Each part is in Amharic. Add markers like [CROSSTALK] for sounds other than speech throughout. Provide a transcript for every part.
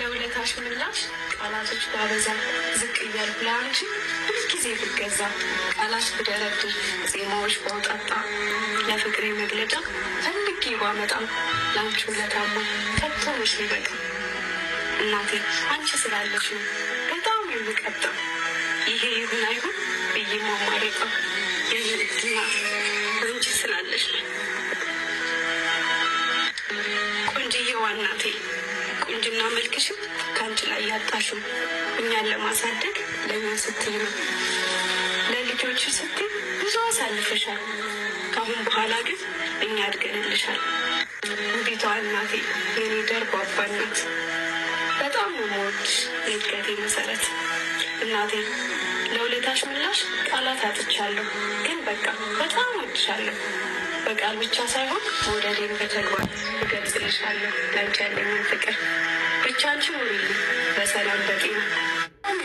ለውለታሽ ምላሽ ቃላቶች ባበዛ ዝቅ እያልኩ ለአንቺ ሁልጊዜ ብገዛ ቃላት ብደረዱ ዜማዎች ባውጣጣ ለፍቅሬ መግለጫ ፈልጌ ባመጣ ለአንቺ ውለታማ ከቶኖች ሊበቃ እናቴ አንቺ ስላለች ነው የምቀጣው ይሄ ይሁን አይሁን ብዬ ማማረጠው የምንትና አንቺ ስላለሽ ቆንጅዬዋ እናቴ ቁንጅና መልክሽም ከአንቺ ላይ ያጣሽም እኛን ለማሳደግ ለእኛ ስትይ ነው። ለልጆች ስትይ ብዙ አሳልፈሻል። ከአሁን በኋላ ግን እኛ አድገንልሻል። ቤቷ እናቴ የኔ ደርባባ ናት። በጣም ነው የምወድሽ። የእድገቴ መሰረት እናቴ፣ ለውለታሽ ምላሽ ቃላት አጥቻለሁ፣ ግን በቃ በጣም ወድሻለሁ። በቃል ብቻ ሳይሆን መውደዴን በተግባር እገልጽልሻለሁ። ለአንቺ ያለኝን ፍቅር ብቻ አንቺ ሙሉልኝ በሰላም በጤና በጣም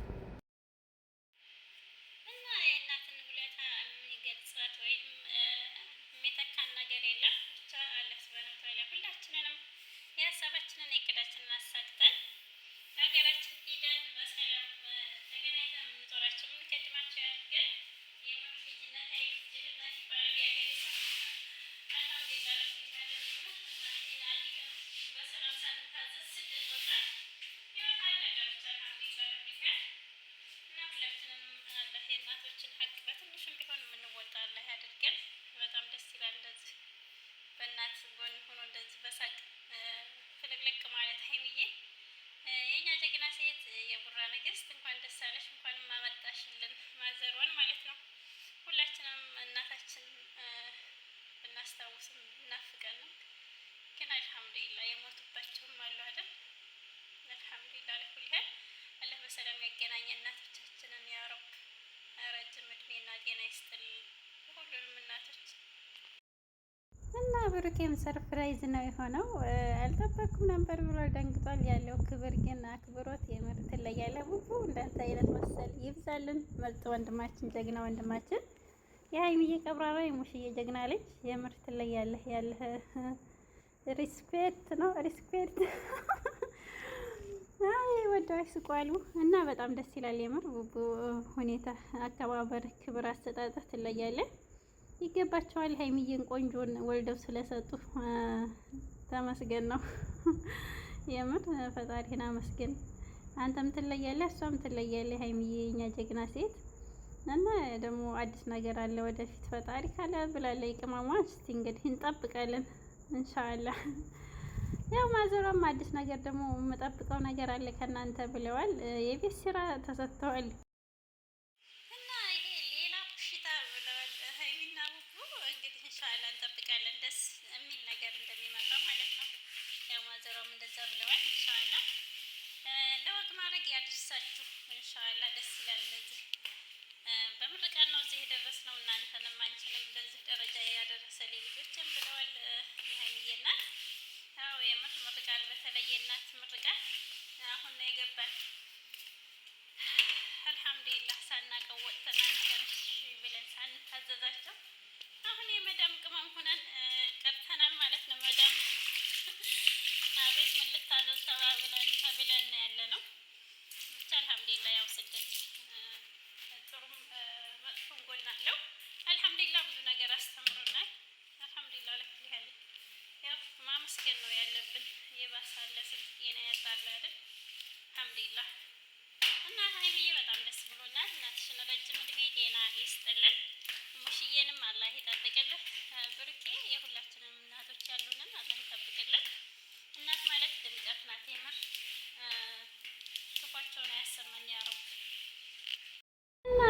ጤና ይስጥል ሁሉንም እናቶች እና ብሩኬም ሰርፕራይዝ ነው የሆነው። አልጠበቅኩም ነበር ብሎ ደንግጧል። ያለው ክብር ግን አክብሮት የምር ያለ ቡቡ እንዳንተ አይነት መሰል ይብዛልን። መልጥ ወንድማችን፣ ጀግና ወንድማችን፣ የሀይሚዬ ቀብራራ፣ የሙሽዬ ጀግና ልጅ የምር ትለያለህ። ያለህ ሪስፔክት ነው ሪስፔክት ወደዋች ስቋሉ እና በጣም ደስ ይላል። የምር ቡቡ ሁኔታ አከባበር፣ ክብር አሰጣጣ ትለያለ። ይገባቸዋል። ሀይሚዬን ቆንጆን ወልደው ስለሰጡ ተመስገን ነው [LAUGHS] የምር ፈጣሪህን አመስገን። አንተም ትለያለህ፣ እሷም ትለያለህ። ሀይሚዬ የኛ ጀግና ሴት እና ደግሞ አዲስ ነገር አለ ወደፊት ፈጣሪ ካለ ብላለ ቅመሟ እስቲ እንግዲህ እንጠብቃለን ኢንሻአላህ። ያው ማዘሯም አዲስ ነገር ደግሞ የምጠብቀው ነገር አለ ከእናንተ ብለዋል። የቤት ስራ ተሰጥተዋል። እና ይሄ ሌላ ብለዋል። ሀይሚና እንሻላ እንጠብቃለን፣ የሚል ነገር ማለት ነው። ያው ማዘሯም እንደዛ ብለዋል። ለወግ ማድረግ እንሻላ ደስ ይላል። እናንተንም አንቺንም እንደዚህ ደረጃ ያደረሰ ልጆችን ብለዋል የሀይሚዬ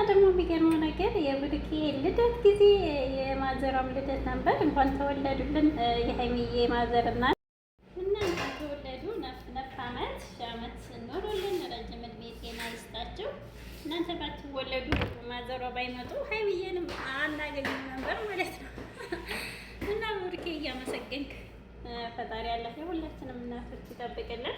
ደግሞ የሚገርመው ነገር የብሩኬ ልደት ጊዜ የማዘሯም ልደት ነበር። እንኳን ተወለዱልን የሀይሚዬ ማዘርና እና እንኳን ተወለዱ ነፍ አመት ሺህ አመት ኖሮልን ረጅም እድሜ ጤና ይስጣቸው። እናንተ ባትወለዱ ማዘሯ ባይመጡ ሀይሚዬንም አናገኝም ነበር ማለት ነው። እና ብሩኬ እያመሰገንክ ፈጣሪ ያለፈ ሁላችንም እናቶች ይጠብቅልን።